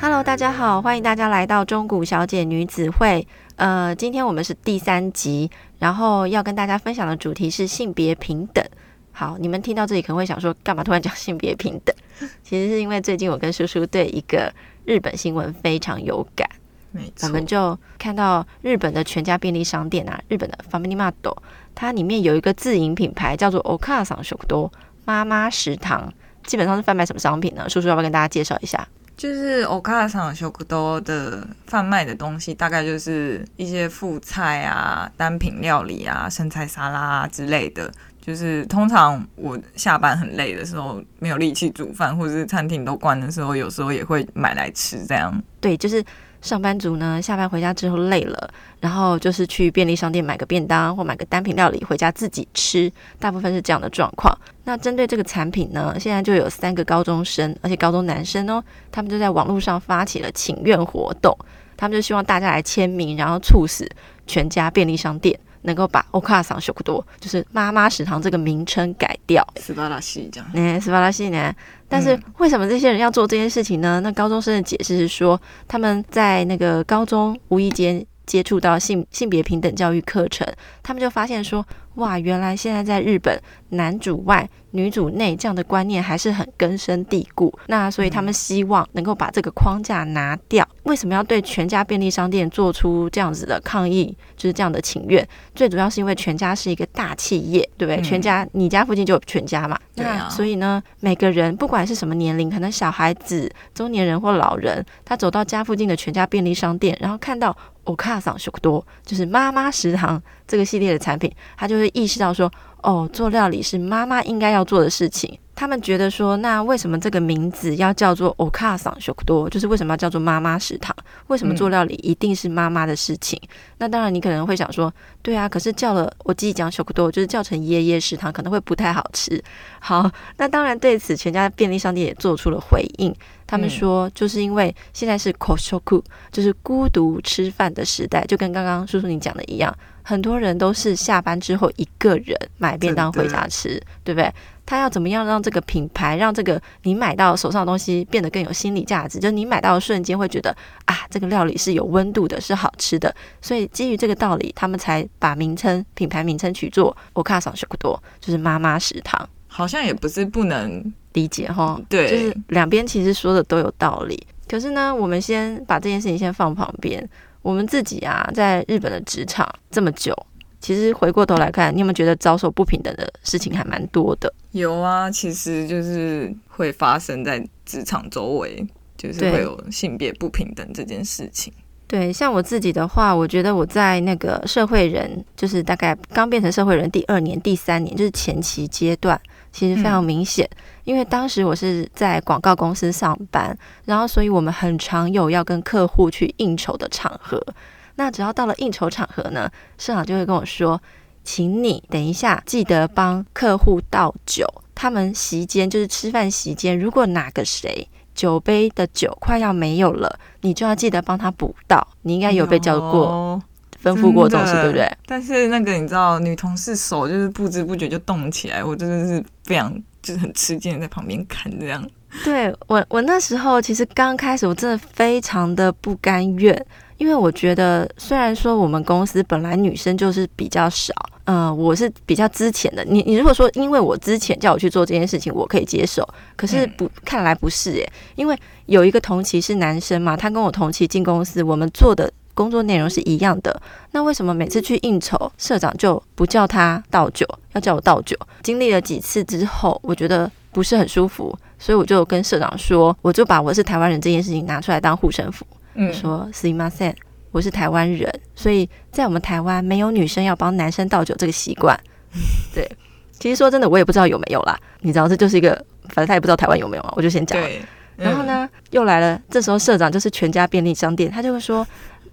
Hello，大家好，歡迎大家來到中古小姐女子會。呃，今天我們是第三集，然後要跟大家分享的主題是性別平等。好，你們聽到這裡可能會想說，幹嘛突然講性別平等？其實是因為最近我跟舒舒對一個日本新聞非常有感。我們就看到日本的全家便利商店啊，日本的 Family Mart，它裡面有一個自營品牌叫做お母さん食堂媽媽食堂，基本上是販賣什麼商品呢？叔叔要不要跟大家介紹一下？就是お母さん食堂的販賣的東西，大概就是一些副菜啊、單品料理啊、生菜沙拉啊之類的。就是通常我下班很累的時候，沒有力氣煮飯，或是餐廳都關的時候，有時候也會買來吃這樣。對，就是。上班族呢，下班回家之後累了，然後就是去便利商店買個便當或買個單品料理回家自己吃，大部分是這樣的狀況。那針對這個產品呢，現在就有三個高中生，而且高中男生哦，他們就在網絡上發起了請願活動，他們就希望大家來簽名，然後促使全家便利商店。能夠把“おかあさん食堂”，就是媽媽食堂這個名稱改掉。斯巴達西。斯巴達西呢？但是為什麼這些人要做這件事情呢？嗯、那高中生的解釋是說，他們在那個高中無意間接觸到性性別平等教育課程，他們就發現說。哇，原來現在在日本，男主外女主內這樣的觀念還是很根深蒂固。那所以他們希望能夠把這個框架拿掉。嗯。為什麼要對全家便利商店做出這樣子的抗議？就是這樣的請願。最主要是因為全家是一個大企業，對不對？嗯、全家，你家附近就有全家嘛，嗯、那所以呢，哦、每個人不管是什麼年齡，可能小孩子、中年人或老人，他走到家附近的全家便利商店，然後看到お母さん食堂就是媽媽食堂這個系列的產品，他就會。意識到說，哦，做料理是媽媽應該要做的事情。他們覺得說，那為什麼這個名字要叫做“おかさんしゅ，就是為什麼要叫做媽媽食堂？為什麼做料理一定是媽媽的事情？嗯、那當然，你可能會想說，對啊，可是叫了我自己講“小ゅ多”，就是叫成爺爺食堂，可能會不太好吃。好，那當然，對此，全家便利商店也做出了回應。他們說，就是因為現在是孤“こし庫”，就是孤獨吃飯的時代，就跟剛剛叔叔你講的一樣。很多人都是下班之後一個人買便當回家吃，對、對、對不對？他要怎麼樣讓這個品牌，讓這個你買到手上的東西變得更有心理價值？就是你買到的瞬間會覺得啊，這個料理是有溫度的，是好吃的。所以基於這個道理，他們才把名稱、品牌名稱取作「お母さん食堂」，就是媽媽食堂。好像也不是不能理解哈，對，就是兩邊其實說的都有道理。可是呢，我們先把這件事情先放旁邊。我們自己啊，在日本的職場這麼久，其實回過頭來看，你有沒有覺得遭受不平等的事情還蠻多的？有啊，其實就是會發生在職場周圍，就是會有性別不平等這件事情。對，對，像我自己的話，我覺得我在那個社會人，就是大概剛變成社會人第二年、第三年，就是前期階段。其實非常明顯，嗯，因為當時我是在廣告公司上班，然後所以我們很常有要跟客戶去應酬的場合。那只要到了應酬場合呢，社長就會跟我說：“請你等一下，記得幫客戶倒酒。他們席間就是吃飯席間，如果哪個誰酒杯的酒快要沒有了，你就要記得幫他補倒。你應該有被教過。嗯哦”吩咐過同事，對不對？但是那個你知道，女同事手就是不知不覺就動起來，我真的是非常就是很吃驚在旁邊看這樣。對我我那時候其實剛開始我真的非常的不甘願，因為我覺得雖然說我們公司本來女生就是比較少，呃，我是比較之前的你你如果說因為我之前叫我去做這件事情，我可以接受，可是不、嗯、看來不是耶，因為有一個同期是男生嘛，他跟我同期進公司，我們做的。工作內容是一樣的，那為什麼每次去應酬，社長就不叫他倒酒，要叫我倒酒？經歷了幾次之後，我覺得不是很舒服，所以我就跟社長說，我就把我是台灣人這件事情拿出來當護身符，說，すみません，我是台灣人，所以在我們台灣沒有女生要幫男生倒酒這個習慣。 對，其實說真的，我也不知道有沒有啦，你知道，這就是一個，反正他也不知道台灣有沒有嘛。我就先講，嗯。然後呢，又來了，這時候社長就是全家便利商店，他就會說。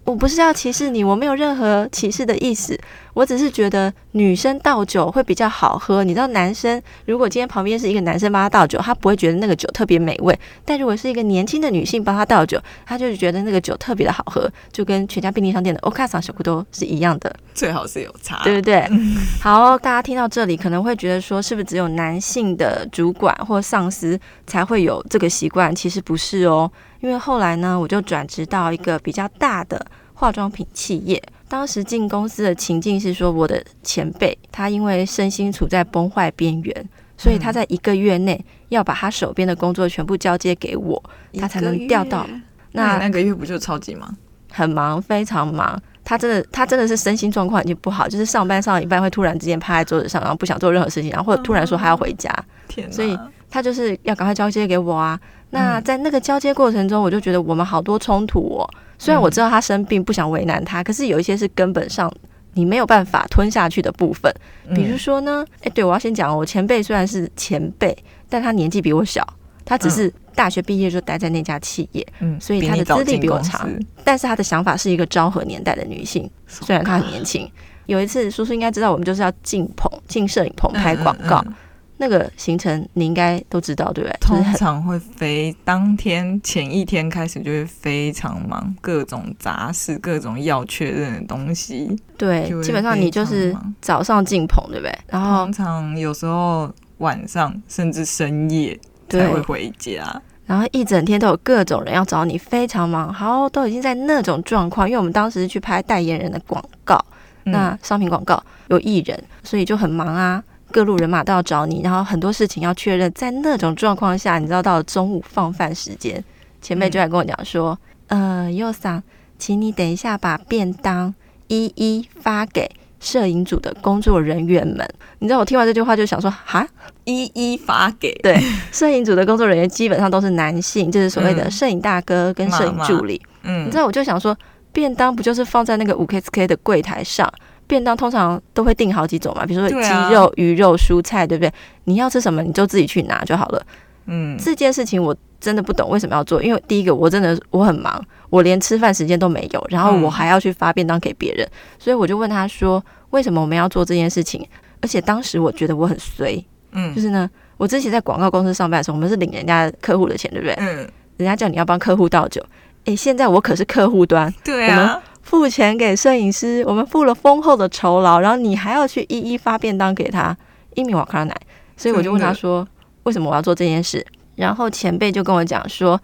我不是要歧視你，我沒有任何歧視的意思。我只是覺得女生倒酒會比較好喝。你知道，男生如果今天旁邊是一個男生幫他倒酒，他不會覺得那個酒特別美味；但如果是一個年輕的女性幫他倒酒，他就覺得那個酒特別的好喝，就跟全家便利商店的歐卡桑食堂是一樣的。最好是有差，對不對？ 好，大家聽到這裡可能會覺得說，是不是只有男性的主管或上司才會有這個習慣？其實不是哦。因為後來呢，我就轉職到一個比較大的化妝品企業。當時進公司的情境是說，我的前輩他因為身心處在崩壞邊緣，所以他在一個月內要把他手邊的工作全部交接給我，嗯、他才能調到。那那個月不就超級忙，很忙，非常忙。他真的，他真的是身心狀況已經不好，就是上班上一半會突然之間趴在桌子上，然後不想做任何事情，然後或者突然說他要回家、嗯、天哪。所以他就是要趕快交接給我啊。那在那個交接過程中，我就覺得我們好多衝突哦、喔。雖然我知道他生病不想為難他，可是有一些是根本上你沒有辦法吞下去的部分。比如說呢，哎，對，我要先講哦，我前輩雖然是前輩，但他年紀比我小，他只是大學畢業就待在那家企業，所以他的資歷比我長。但是他的想法是一個昭和年代的女性，雖然她很年輕。有一次，叔叔應該知道，我們就是要進棚進攝影棚拍廣告、嗯。嗯嗯那個行程你應該都知道對不對？通常會飛，當天前一天開始就會非常忙，各種雜事，各種要確認的東西。對，基本上你就是早上進棚，對不對？然後通常有時候晚上甚至深夜才會回家，然後一整天都有各種人要找你，非常忙。好，都已經在那種狀況，因為我們當時去拍代言人的廣告，那商品廣告有藝人，嗯、所以就很忙啊。各路人馬都要找你，然後很多事情要確認。在那種狀況下，你知道到了中午放飯時間，前輩就來跟我講說：“嗯，優、呃、桑，請你等一下，把便當一一發給攝影組的工作人員們。”你知道，我聽完這句話就想說：“哈，一一發給對 攝影組的工作人員，基本上都是男性，就是所謂的攝影大哥跟攝影助理。嗯媽媽”嗯，你知道，我就想說，便當不就是放在那個五 k 四 k 的櫃台上？便當通常都會訂好幾種嘛，比如說雞肉、啊、魚肉、蔬菜，對不對？你要吃什麼你就自己去拿就好了。嗯，這件事情我真的不懂為什麼要做，因為第一個我真的我很忙，我連吃飯時間都沒有，然後我還要去發便當給別人、嗯，所以我就問他說為什麼我們要做這件事情？而且當時我覺得我很衰，嗯，就是呢，我之前在廣告公司上班的時候，我們是領人家客戶的錢，對不對？嗯，人家叫你要幫客戶倒酒，哎、欸，現在我可是客戶端，對啊。付錢給攝影師，我們付了豐厚的酬勞，然後你還要去一一發便當給他，一名瓦卡奶，所以我就問他說、嗯，為什麼我要做這件事？然後前輩就跟我講說，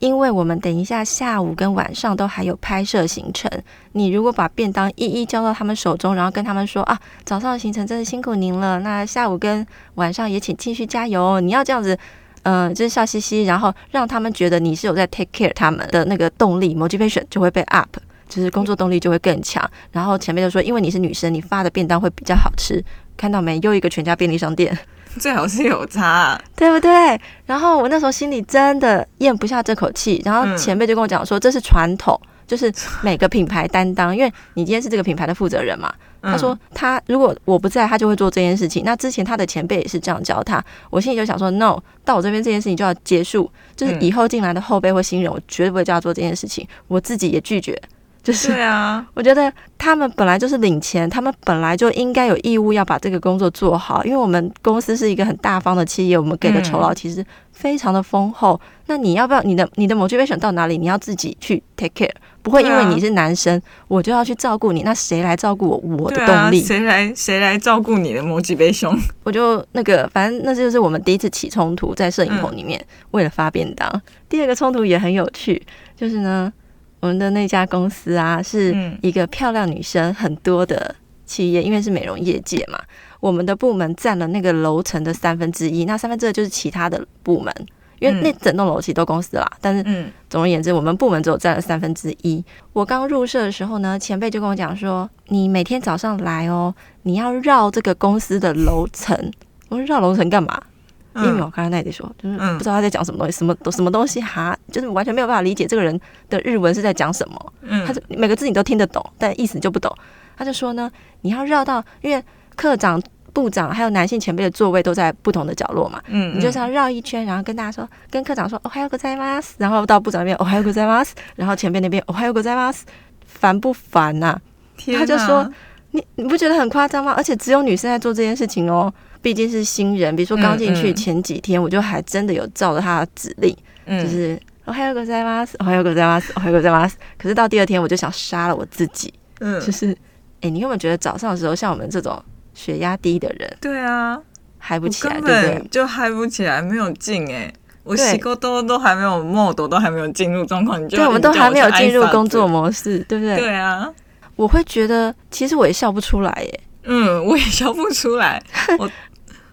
因為我們等一下下午跟晚上都還有拍攝行程，你如果把便當一一交到他們手中，然後跟他們說啊，早上的行程真的辛苦您了，那下午跟晚上也請繼續加油，你要這樣子，呃，就是笑嘻嘻，然後讓他們覺得你是有在 take care 他們的那個動力 motivation 就會被 up。就是工作動力就會更強。然後前輩就說：“因為你是女生，你發的便當會比較好吃。”看到沒？又一個全家便利商店，最好是有差、啊， 對不對？然後我那時候心裡真的咽不下這口氣。然後前輩就跟我講說：“這是傳統、嗯，就是每個品牌擔當。因為你今天是這個品牌的負責人嘛。嗯”他說：“他如果我不在，他就會做這件事情。那之前他的前輩也是這樣教他。我心裡就想說：‘No！到我這邊這件事情就要結束。’就是以後進來的後輩或新人，我絕對不會叫他做這件事情。我自己也拒絕。”就是啊，我覺得他們本來就是領錢，對啊、他們本來就應該有義務要把這個工作做好。因為我們公司是一個很大方的企業，我們給的酬勞其實非常的豐厚，嗯。那你要不要你的你的 motivation 到哪裡？你要自己去 take care，不會因為你是男生，對啊、我就要去照顧你。那誰來照顧我？我的動力？誰、啊、來誰來照顧你的 motivation？我就那個，反正那就是我們第一次起衝突在攝影棚裡面，嗯，為了發便當。第二個衝突也很有趣，就是呢。我們的那家公司啊，是一個漂亮女生很多的企業，因為是美容業界嘛。我們的部門占了那個樓層的三分之一，那三分之二就是其他的部門，因為那整棟樓其實都公司啦。但是，總而言之，我們部門只有占了三分之一。我剛入社的時候呢，前輩就跟我講說，你每天早上來哦，你要繞這個公司的樓層。我說繞樓層幹嘛？因為我剛才那也在說，就是不知道他在講什麼東西，嗯、什麼什麼東西哈，就是完全沒有辦法理解這個人的日文是在講什麼。嗯，他就每個字你都聽得懂，但意思你就不懂。他就說呢，你要繞到，因為課長、部長還有男性前輩的座位都在不同的角落嘛。嗯，嗯，你就是要繞一圈，然後跟大家說，跟課長說おはようございます？然後到部長那邊おはようございます？然後前輩那邊おはようございます？煩不煩吶、啊？他就說。你你不覺得很誇張嗎？而且只有女生在做這件事情哦，畢竟是新人。比如說剛進去前幾天，我就還真的有照着她的指令，嗯、就是おはようございます？おはようございます？おはようございます？ 可是到第二天，我就想殺了我自己。嗯，就是哎、欸，你有沒有覺得早上的時候，像我們這種血壓低的人，對啊，hi、不嗨不起來，對不對？就嗨不起來，沒有勁哎、欸，我洗過頭都還沒有夢，我都還沒有進入狀況，你就你對我，我們都還沒有進入工作、工作模式，對不對？對啊。我會覺得，其實我也笑不出來耶。嗯，我也笑不出來。 我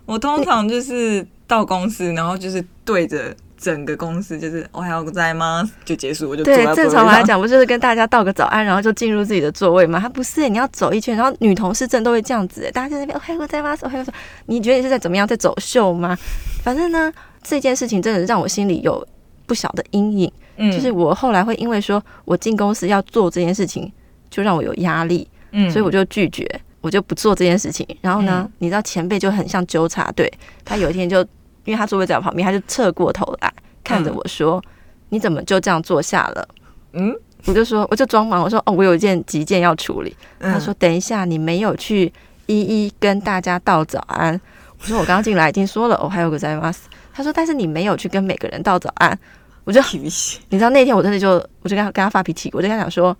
我通常就是到公司， 然後就是對着整個公司，就是我還在嗎？ oh, hi, mas, 就結束，我就對正常來講，不就是跟大家道個早安，然後就進入自己的座位嗎？他不是，你要走一圈，然後女同事真的會這樣子，大家在那邊，哦，還在嗎？哦，還在嗎？你覺得你是在怎麼樣，在走秀嗎？反正呢，這件事情真的讓我心裡有不小的陰影，嗯。就是我後來會因為說我進公司要做這件事情。就讓我有壓力，嗯，所以我就拒絕，我就不做這件事情。然後呢，嗯、你知道前輩就很像糾察隊，他有一天就，因為他座位在我旁邊，他就側過頭來看着我說、嗯：“你怎麼就這樣坐下了？”嗯，我就說：“我就裝忙。”我說：“哦，我有一件急件要處理。嗯”他說：“等一下，你沒有去一一跟大家道早安。嗯”我說：“我剛剛進來已經說了，おはようございます。’他說：“但是你沒有去跟每個人道早安。”我就， 你知道那天我真的就，我就跟他跟他發脾氣，我就跟他講說。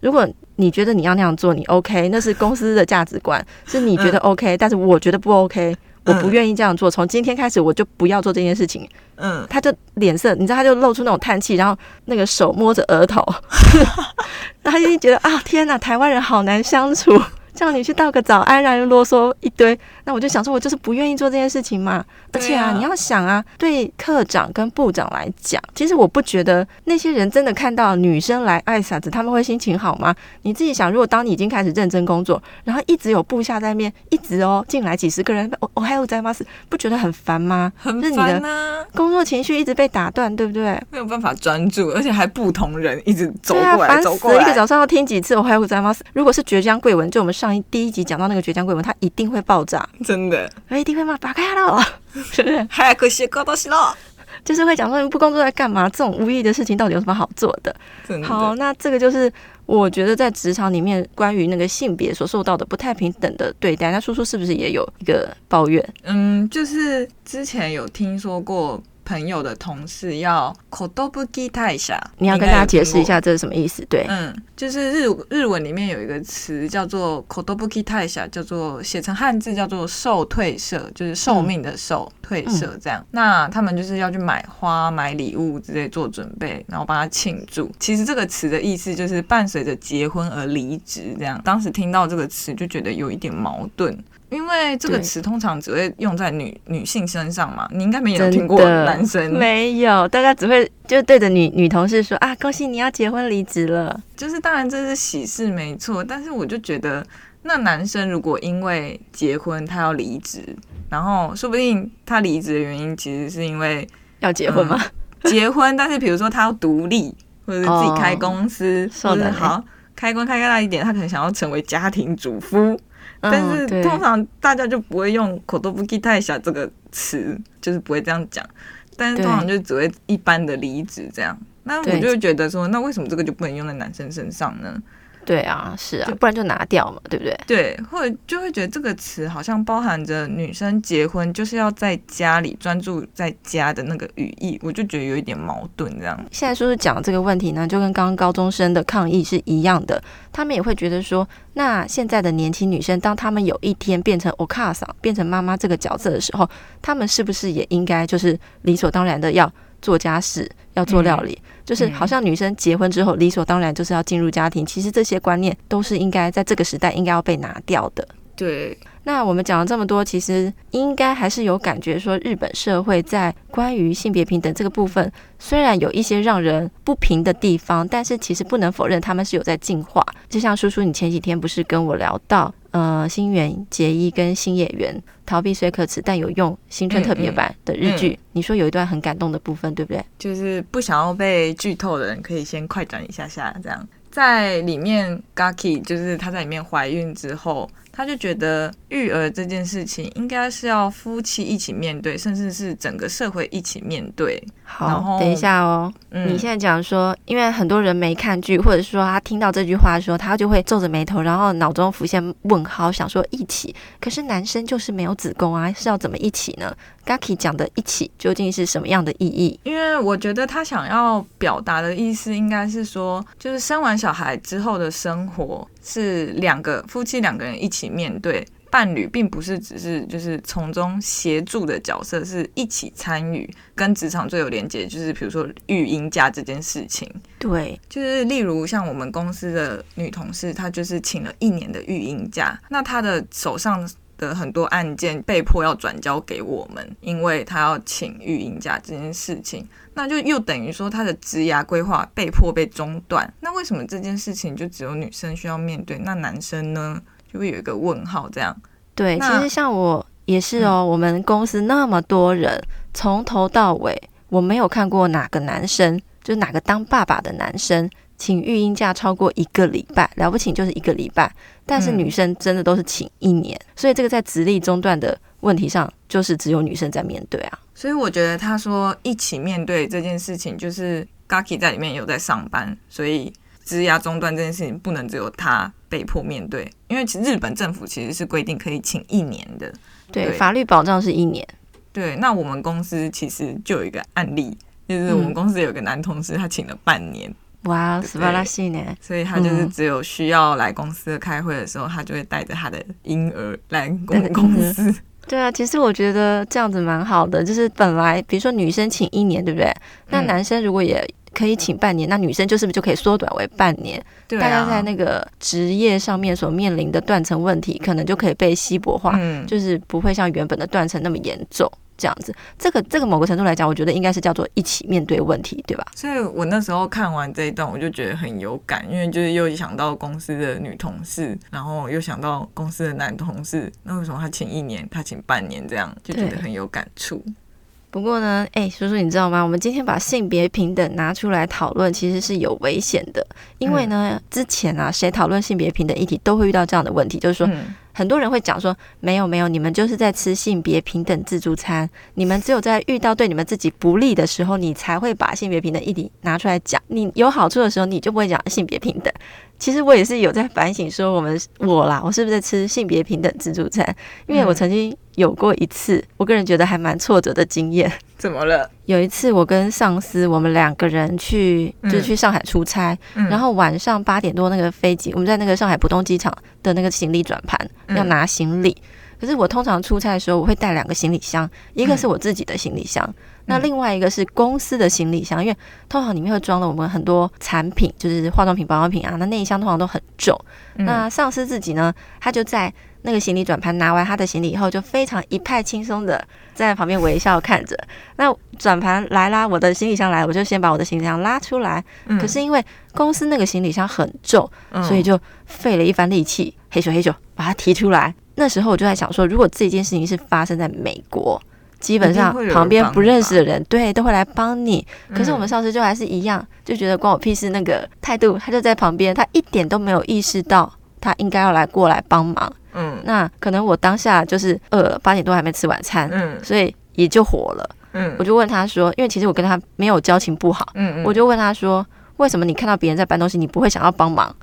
如果你覺得你要那樣做，你 OK，那是公司的價值觀，是你覺得 OK，、嗯、但是我覺得不 OK，、嗯、我不願意這樣做。從今天開始，我就不要做這件事情。嗯，他就臉色，你知道，他就露出那種嘆氣，然後那個手摸着額頭， 然後他已經覺得啊、哦，天哪，台灣人好難相處，叫你去道個早安，然後又囉嗦一堆。那我就想說，我就是不願意做這件事情嘛。而且啊，啊你要想啊，對課長跟部長來講，其實我不覺得那些人真的看到女生來愛傻子，他們會心情好嗎？你自己想，如果當你已經開始認真工作，然後一直有部下在面，一直哦進來幾十個人，我、哦、我、哦、還有在嗎？不覺得很煩嗎？很煩、啊就是、你的工作情緒一直被打斷，對不對？沒有辦法專注，而且還不同人一直走過來、對啊、煩死了走過來，一個早上要聽幾次我、哦、還有在嗎？如果是堀江貴文，就我們上一第一集講到那個堀江貴文，他一定會爆炸。真的，一定會罵，打開了，是不是？還就是會講說，你不工作在幹嘛？這種無意義的事情，到底有什麼好做的？好，那這個就是我覺得在職場裡面，關於那個性別所受到的不太平等的對待，那叔叔是不是也有一個抱怨？嗯，就是之前有聽說過。朋友的同事要壽退社，你要跟大家解釋一下這是什麼意思？對，嗯，就是日日文裡面有一個詞叫做壽退社，叫做，寫成漢字叫做壽退社，就是壽命的壽，嗯，退社這樣，嗯。那他們就是要去買花，買禮物之類做準備，然後幫他慶祝。其實這個詞的意思就是伴隨着結婚而離職這樣。當時聽到這個詞就覺得有一點矛盾。因為這個詞通常只會用在女女性身上嘛，你應該沒有聽過男生沒有，大家只會就對着女女同事說啊，恭喜你要結婚離職了，就是當然這是喜事沒錯，但是我就覺得那男生如果因為結婚他要離職，然後說不定他離職的原因其實是因為要結婚嗎、嗯？結婚，但是比如說他要獨立，或者是自己開公司，或、哦、者、就是、好開工，開關開大一點，他可能想要成為家庭主夫。但是、哦、通常大家就不會用壽退社這個詞，就是不會這樣講。但是通常就只會一般的離職這樣。那我就會覺得說，那為什麼這個就不能用在男生身上呢？對啊，是啊，不然就拿掉嘛，對不對？對，或者就會覺得這個詞好像包含着女生結婚就是要在家裡專注在家的那個語義，我就覺得有一點矛盾這樣。現在舒舒講的這個問題呢，就跟剛剛高中生的抗議是一樣的，他們也會覺得說，那現在的年輕女生，當他們有一天變成歐卡桑、變成媽媽這個角色的時候，他們是不是也應該就是理所當然的要做家事要做料理，嗯，就是好像女生結婚之後，嗯、理所當然就是要進入家庭。其實這些觀念都是應該在這個時代應該要被拿掉的。對，那我們講了這麼多，其實應該還是有感覺說日本社會在關於性別平等這個部分，雖然有一些讓人不平的地方，但是其實不能否認他們是有在進化。就像舒舒，你前幾天不是跟我聊到？呃，新垣結衣跟星野源逃避雖可恥但有用新春特別版的日劇、嗯嗯，你說有一段很感動的部分，對不對？就是不想要被劇透的人可以先快轉一下下，這樣在裡面 Gaki 就是她在裡面懷孕之後。他就覺得育兒這件事情應該是要夫妻一起面對，甚至是整個社會一起面對。好，等一下哦，嗯，你現在講說，因為很多人沒看劇，或者說他聽到這句話的時候，他就會皺着眉頭，然後腦中浮現問號，想說一起，可是男生就是沒有子宮啊，是要怎麼一起呢？Gaki 講的“一起”究竟是什麼樣的意義？因為我覺得他想要表達的意思應該是說，就是生完小孩之後的生活是兩個夫妻兩個人一起。面對伴侶，並不是只是就是從中協助的角色，是一起參與。跟職場最有連接。就是比如說育嬰假這件事情。對，就是例如像我們公司的女同事，她就是請了一年的育嬰假，那她的手上的很多案件被迫要轉交給我們，因為她要請育嬰假這件事情，那就又等於說她的職業規劃被迫被中斷。那為什麼這件事情就只有女生需要面對？那男生呢？就會有一個問號，這樣對。其實像我也是哦、嗯，我們公司那麼多人，從頭到尾，我沒有看過哪個男生，就是哪個當爸爸的男生請育嬰假超過一個禮拜，了不起就是一個禮拜。但是女生真的都是請一年，嗯、所以這個在職歷中斷的問題上，就是只有女生在面對啊。所以我覺得他說一起面對這件事情，就是 Gaki 在裡面有在上班，所以。職涯中斷這件事情不能只有他被迫面對，因為其日本政府其實是規定可以請一年的對，對，法律保障是一年。對，那我們公司其實就有一個案例，就是我們公司有一個男同事，他請了半年，嗯、對對哇，素晴らしい，所以他就是只有需要來公司開會的時候、嗯，他就會帶着他的嬰兒來公,公司。對啊，其實我覺得這樣子蠻好的，就是本來比如說女生請一年，對不對？那男生如果也、嗯可以請半年，那女生就是不是就可以縮短為半年？對啊，大家在那個職業上面所面臨的斷層問題，可能就可以被稀薄化，嗯，就是不會像原本的斷層那麼嚴重。這樣子，這個這個某個程度來講，我覺得應該是叫做一起面對問題，對吧？所以我那時候看完這一段，我就覺得很有感，因為就是又想到公司的女同事，然後又想到公司的男同事，那為什麼他請一年，他請半年這樣，就覺得很有感觸。不過呢，哎、欸，舒舒，你知道嗎？我們今天把性別平等拿出來討論，其實是有危險的。因為呢，嗯、之前啊，誰討論性別平等議題，都會遇到這樣的問題，就是說，嗯、很多人會講說，沒有沒有，你們就是在吃性別平等自助餐。你們只有在遇到對你們自己不利的時候，你才會把性別平等議題拿出來講。你有好處的時候，你就不會講性別平等。其實我也是有在反省，說我們我啦，我是不是在吃性別平等自助餐？因為我曾經、嗯。有過一次，我個人覺得還蠻挫折的經驗。怎麼了？有一次我跟上司，我們兩個人去，嗯，就是去上海出差。嗯、然後晚上八點多，那個飛機，我們在那個上海浦東機場的那個行李轉盤、嗯、要拿行李。可是我通常出差的時候，我會帶兩個行李箱，嗯，一個是我自己的行李箱、嗯，那另外一個是公司的行李箱，嗯、因為通常裡面會裝了我們很多產品，就是化妝品、保養品啊。那那一箱通常都很重、嗯。那上司自己呢，他就在。那個行李轉盤拿完他的行李以後，就非常一派輕鬆的在旁邊微笑看着。那轉盤來啦，我的行李箱來，我就先把我的行李箱拉出來、嗯。可是因為公司那個行李箱很重，嗯、所以就費了一番力氣、嗯，嘿咻嘿咻把它提出來。那時候我就在想說，如果這件事情是發生在美國，基本上旁邊不認識的人，人對，都會來幫你。可是我們上司就還是一樣，就覺得關我屁事那個態度，他就在旁邊，他一點都沒有意識到，他應該要來過來幫忙，嗯，那可能我當下就是呃，八點多還沒吃晚餐，嗯，所以也就火了，嗯，我就問他說，因為其實我跟他沒有交情不好，嗯，嗯，我就問他說，為什麼你看到別人在搬東西，你不會想要幫忙？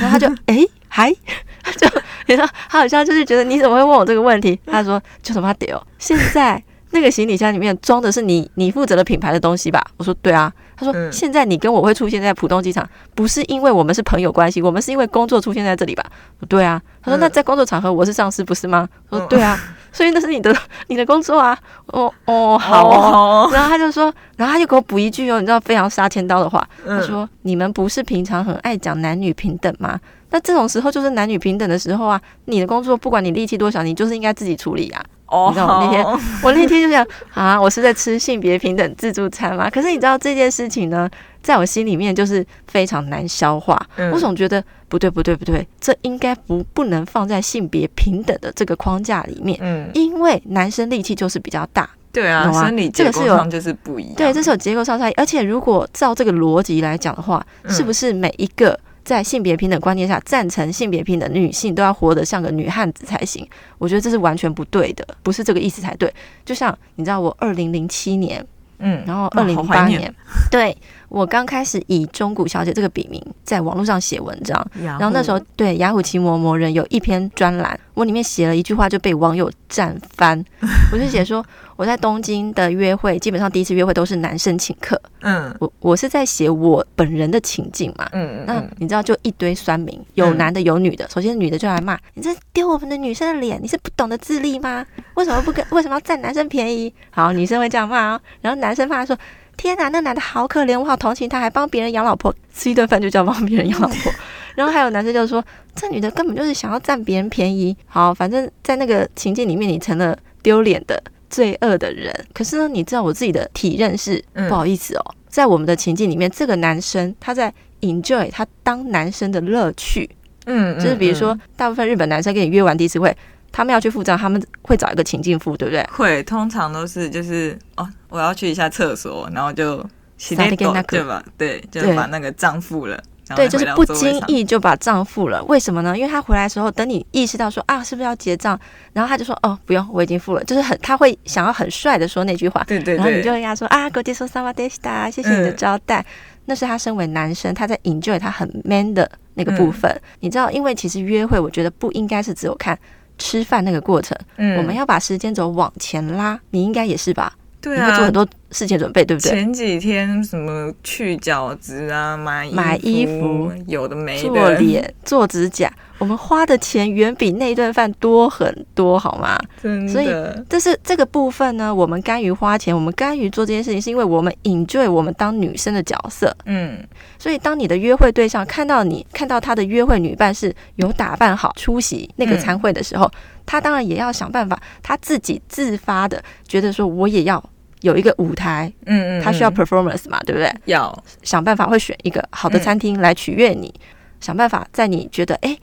然後他就哎、啊欸、還 他就你說他好像就是覺得你怎麼會問我這個問題？他說就什麼屌， 現在。這、那個行李箱裡面裝的是你你負責的品牌的東西吧？我說對啊。他說、嗯、現在你跟我會出現在浦東機場，不是因為我們是朋友關係，我們是因為工作出現在這裡吧？我對啊。他說、嗯、那在工作場合我是上司不是嗎？我說對啊、嗯。所以那是你的 你的工作啊。哦哦好。然後他就說，然後他就給我補一句哦，你知道“非常殺千刀”的話，他說、嗯、你們不是平常很愛講男女平等嗎？那這種時候就是男女平等的時候啊！你的工作不管你力氣多小，你就是應該自己處理啊。Oh、你知道我那天， 我那天就想啊，我是在吃性別平等自助餐嗎？可是你知道這件事情呢，在我心裡面就是非常難消化。嗯、我總覺得不對不對不對，這應該不不能放在性別平等的這個框架裡面。嗯，因為男生力氣就是比較大，對啊，生理結構上就是不一樣。對，這是有結構上差異。而且如果照這個邏輯來講的話、嗯，是不是每一個？在性別平等觀念下，贊成性別平等的女性都要活得像個女漢子才行。我覺得這是完全不對的，不是這個意思才對。就像你知道，我二零零七年，嗯，然後二零零八年，嗯、對，我剛開始以“中古小姐”這個筆名在網絡上寫文章，然後那時候對雅虎奇摩摩人有一篇專欄，我裡面寫了一句話就被網友戰翻， 我就寫說。我在東京的約會，基本上第一次約會都是男生請客。嗯，我我是在寫我本人的情境嘛。嗯，嗯那你知道，就一堆酸民，有男的有女的。嗯、首先，女的就來罵：“你這丟我們的女生的臉，你是不懂得自立嗎？為什麼不跟？ 為什麼要占男生便宜？”好，女生會這樣罵、哦。然後男生怕來說：“天哪，那男的好可憐，我好同情他，還幫別人養老婆，吃一頓飯就叫幫別人養老婆。 ”然後還有男生就說：“這女的根本就是想要占別人便宜。”好，反正在那個情境裡面，你成了丟臉的。罪惡的人，可是呢，你知道我自己的體認是、嗯、不好意思哦、喔，在我們的情境裡面，這個男生他在 enjoy 他當男生的樂趣，嗯，嗯，就是比如說，大部分日本男生跟你約完第一次會，他們要去付賬，他們會找一個情境付，對不對？會，通常都是就是哦，我要去一下廁所，然後就洗點東西，對吧？對，就把那個賬付了。對，就是不經意就把賬付了。為什麼呢？因為他回來的時候，等你意識到說啊，是不是要結賬，然後他就說哦，不用，我已經付了。就是很，他會想要很帥的說那句話。對對對。然後你就跟他說、嗯、啊ごちそうさまでした謝謝你的招待、嗯。那是他身為男生，他在 enjoy 他很 man 的那個部分。嗯、你知道，因為其實約會，我覺得不應該是只有看吃飯那個過程。嗯、我們要把時間軸往前拉，你應該也是吧。對啊，做很多事情準備，對不對，對、啊？前幾天什麼去角質啊，買衣服買衣服，有的沒的，做臉、做指甲，我們花的錢遠比那一頓飯多很多，好嗎真的？所以，但是這個部分呢，我們甘於花錢，我們甘於做這件事情，是因為我們 enjoy 我們當女生的角色。嗯，所以當你的約會對象看到你看到他的約會女伴是有打扮好出席那個餐會的時候。嗯他當然也要想辦法，他自己自發的覺得說，我也要有一個舞台，嗯嗯，嗯，他需要 performance 嘛，對不對？要想辦法會選一個好的餐廳來取悅你，嗯，想辦法在你覺得哎、欸，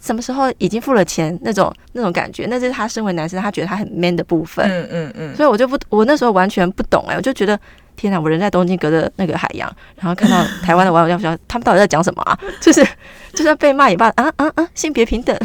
什麼時候已經付了錢那種那種感覺，那是他身為男生他覺得他很 man 的部分，嗯嗯嗯。所以我就不，我那時候完全不懂哎、欸，我就覺得天哪，我人在東京隔着那個海洋，然後看到台灣的網友在講， 他們到底在講什麼啊？就是就算被罵也罷，啊啊啊，性別平等。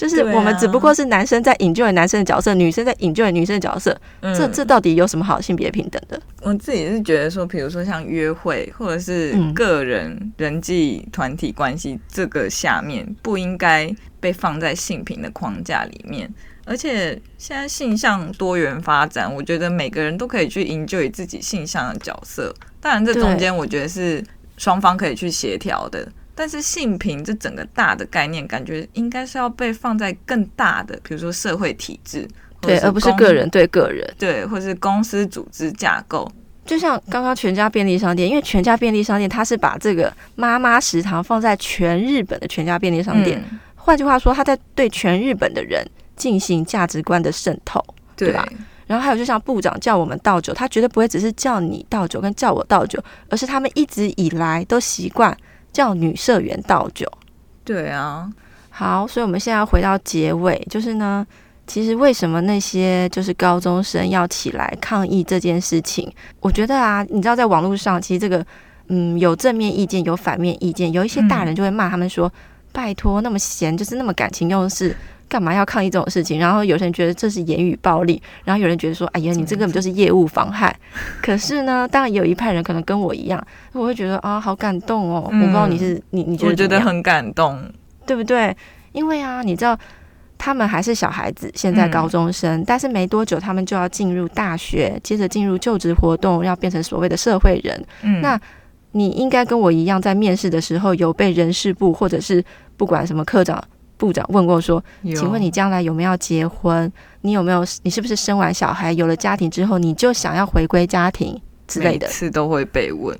就是我們只不過是男生在 ENJOY 男生的角色，啊、女生在 ENJOY 女生的角色。嗯、這這到底有什麼好性別平等的？我自己是覺得說，比如說像約會或者是個人、嗯、人際團體關係這個下面不應該被放在性平的框架裡面。而且現在性向多元發展，我覺得每個人都可以去 ENJOY 自己性向的角色。當然，這中間我覺得是雙方可以去協調的。但是性平這整個大的概念，感覺應該是要被放在更大的，比如說社會體制，對，而不是個人對個人，對，或是公司組織架構。就像剛剛全家便利商店、嗯，因為全家便利商店它是把這個媽媽食堂放在全日本的全家便利商店，嗯、換句話說，它在對全日本的人進行價值觀的滲透對，對吧？然後還有就像部長叫我們倒酒，他絕對不會只是叫你倒酒跟叫我倒酒，而是他們一直以來都習慣。叫女社員倒酒，對啊。好，所以我們現在要回到結尾，就是呢，其實為什麼那些就是高中生要起來抗議這件事情？我覺得啊，你知道，在網絡上其實這個，嗯，有正面意見，有反面意見，有一些大人就會罵他們說：“嗯、拜托，那麼閒，就是那麼感情用事。”幹嘛要抗議這種事情？然後有些人覺得這是言語暴力，然後有人覺得說：“哎呀，你這根本就是業務妨害。”嗯，可是呢，當然也有一派人可能跟我一樣，我會覺得啊，好感動哦！嗯，我不知道你是你你覺得？我覺得很感動，對不對？因為啊，你知道他們還是小孩子，現在高中生，嗯，但是沒多久他們就要進入大學，接着進入就職活動，要變成所謂的社會人。嗯，那你應該跟我一樣，在面試的時候有被人事部或者是不管什麼科長。部長問過說：“請問你將來有沒有結婚？有你有沒有？你是不是生完小孩有了家庭之後，你就想要回歸家庭之類的？”每次都會被問。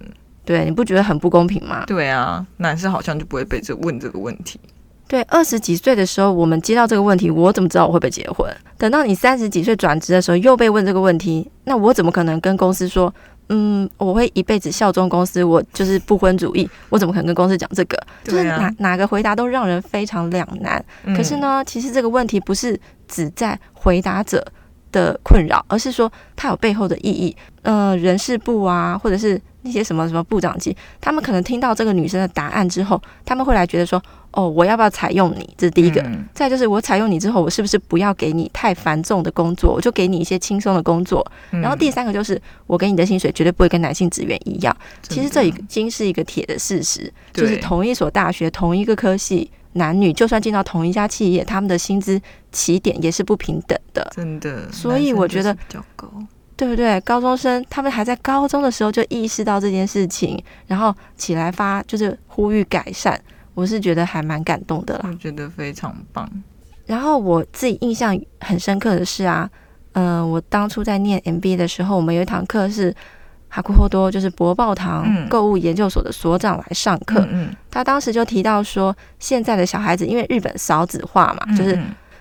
對，你不覺得很不公平嗎？對啊，男生好像就不會被這問這個問題。對，二十幾歲的時候我們接到這個問題，我怎麼知道我會被結婚？等到你三十幾歲轉職的時候又被問這個問題，那我怎麼可能跟公司說？嗯，我會一輩子效忠公司，我就是不婚主義，我怎麼可能跟公司講這個？對啊。就是哪哪個回答都讓人非常兩難，嗯。可是呢，其實這個問題不是只在回答者的困擾，而是說它有背後的意義。呃，人事部啊，或者是。那些什麼什麼部長級，他們可能聽到這個女生的答案之後，他們會來覺得說：“哦，我要不要採用你？”這是第一個。嗯、再就是，我採用你之後，我是不是不要給你太繁重的工作，我就給你一些輕鬆的工作，嗯？然後第三個就是，我給你的薪水絕對不會跟男性職員一樣。其實這已經是一個鐵的事實，就是同一所大學、同一個科系，男女就算進到同一家企業，他們的薪資起點也是不平等的。真的。所以我覺得。對不對？高中生他們還在高中的時候就意識到這件事情，然後起來發就是呼籲改善，我是覺得還蠻感動的啦。我覺得非常棒。然後我自己印象很深刻的是啊，嗯、呃，我當初在念 MBA 的時候，我們有一堂課是哈庫霍多，就是博報堂購物研究所的所長來上課。嗯，他當時就提到說，現在的小孩子因為日本少子化嘛，就是。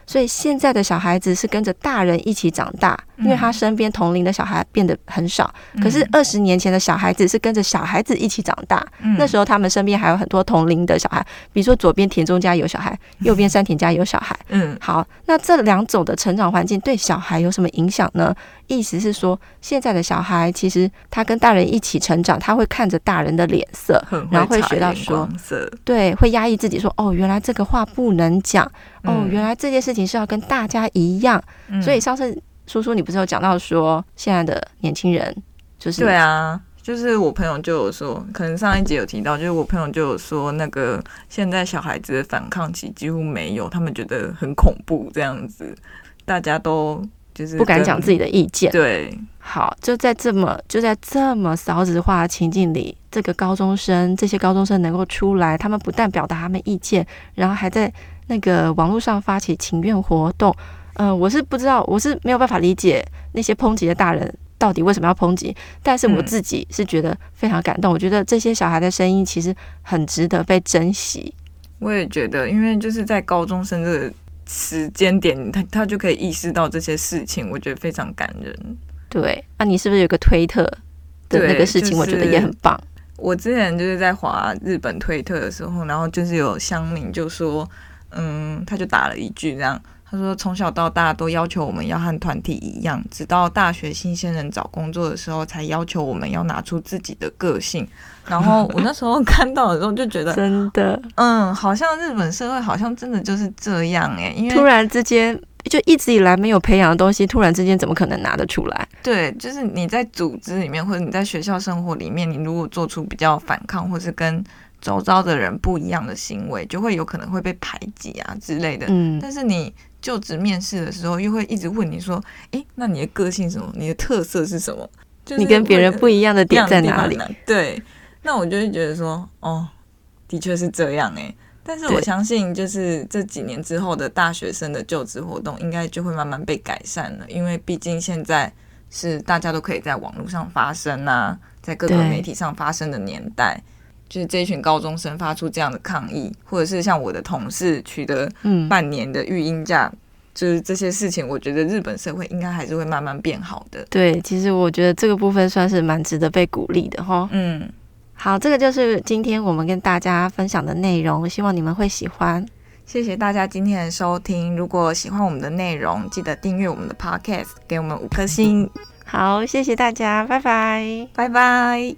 所以現在的小孩子是跟着大人一起長大，因為他身邊同齡的小孩變得很少。嗯、可是二十年前的小孩子是跟着小孩子一起長大，嗯、那時候他們身邊還有很多同齡的小孩，比如說左邊田中家有小孩，右邊山田家有小孩。嗯，好，那這兩種的成長環境對小孩有什麼影響呢？意思是說，現在的小孩其實他跟大人一起成長，他會看着大人的臉色，色，然後會學到說，色對，會壓抑自己說，哦，原來這個話不能講、嗯，哦，原來這件事情是要跟大家一樣。嗯、所以上次舒舒你不是有講到說，現在的年輕人就是對啊，就是我朋友就有說，可能上一集有提到，就是我朋友就有說，那個現在小孩子的反抗期幾乎沒有，他們覺得很恐怖這樣子，大家都。就是、不敢講自己的意見。對，好，就在這麼就在這麼少子化的情境裡，這個高中生這些高中生能夠出來，他們不但表達他們意見，然後還在那個網絡上發起請願活動。嗯、呃，我是不知道，我是沒有辦法理解那些抨擊的大人到底為什麼要抨擊，但是我自己是覺得非常感動。嗯、我覺得這些小孩的聲音其實很值得被珍惜。我也覺得，因為就是在高中生的。時間點，他他就可以意識到這些事情，我覺得非常感人。對，那、啊、你是不是有個推特？對，那個事情，就是，我覺得也很棒。我之前就是在滑日本推特的時候，然後就是有鄉民就說，嗯，他就打了一句這樣。他說：“從小到大都要求我們要和團體一樣，直到大學新鮮人找工作的時候，才要求我們要拿出自己的個性。”然後我那時候看到的時候就覺得， 真的，嗯，好像日本社會好像真的就是這樣哎，因為突然之間就一直以來沒有培養的東西，突然之間怎麼可能拿得出來？對，就是你在組織裡面，或者你在學校生活裡面，你如果做出比較反抗，或是跟周遭的人不一樣的行為，就會有可能會被排擠啊之類的。嗯，但是你。就職面試的時候，又會一直問你說：“誒、欸，那你的個性是什麼？你的特色是什麼？就是、的的你跟別人不一樣的點在哪裡？”對，那我就會覺得說：“哦，的確是這樣誒、欸，但是我相信，就是這幾年之後的大學生的就職活動，應該就會慢慢被改善了，因為畢竟現在是大家都可以在網絡上發聲啊，在各個媒體上發聲的年代。就是這群高中生發出這樣的抗議，或者是像我的同事取得半年的育嬰假，嗯，就是這些事情，我覺得日本社會應該還是會慢慢變好的。對，其實我覺得這個部分算是蠻值得被鼓勵的哈，哦。嗯，好，這個就是今天我們跟大家分享的內容，希望你們會喜歡。謝謝大家今天的收聽，如果喜歡我們的內容，記得訂閱我們的 Podcast，給我們五顆星。嗯，好，謝謝大家，拜拜，拜拜。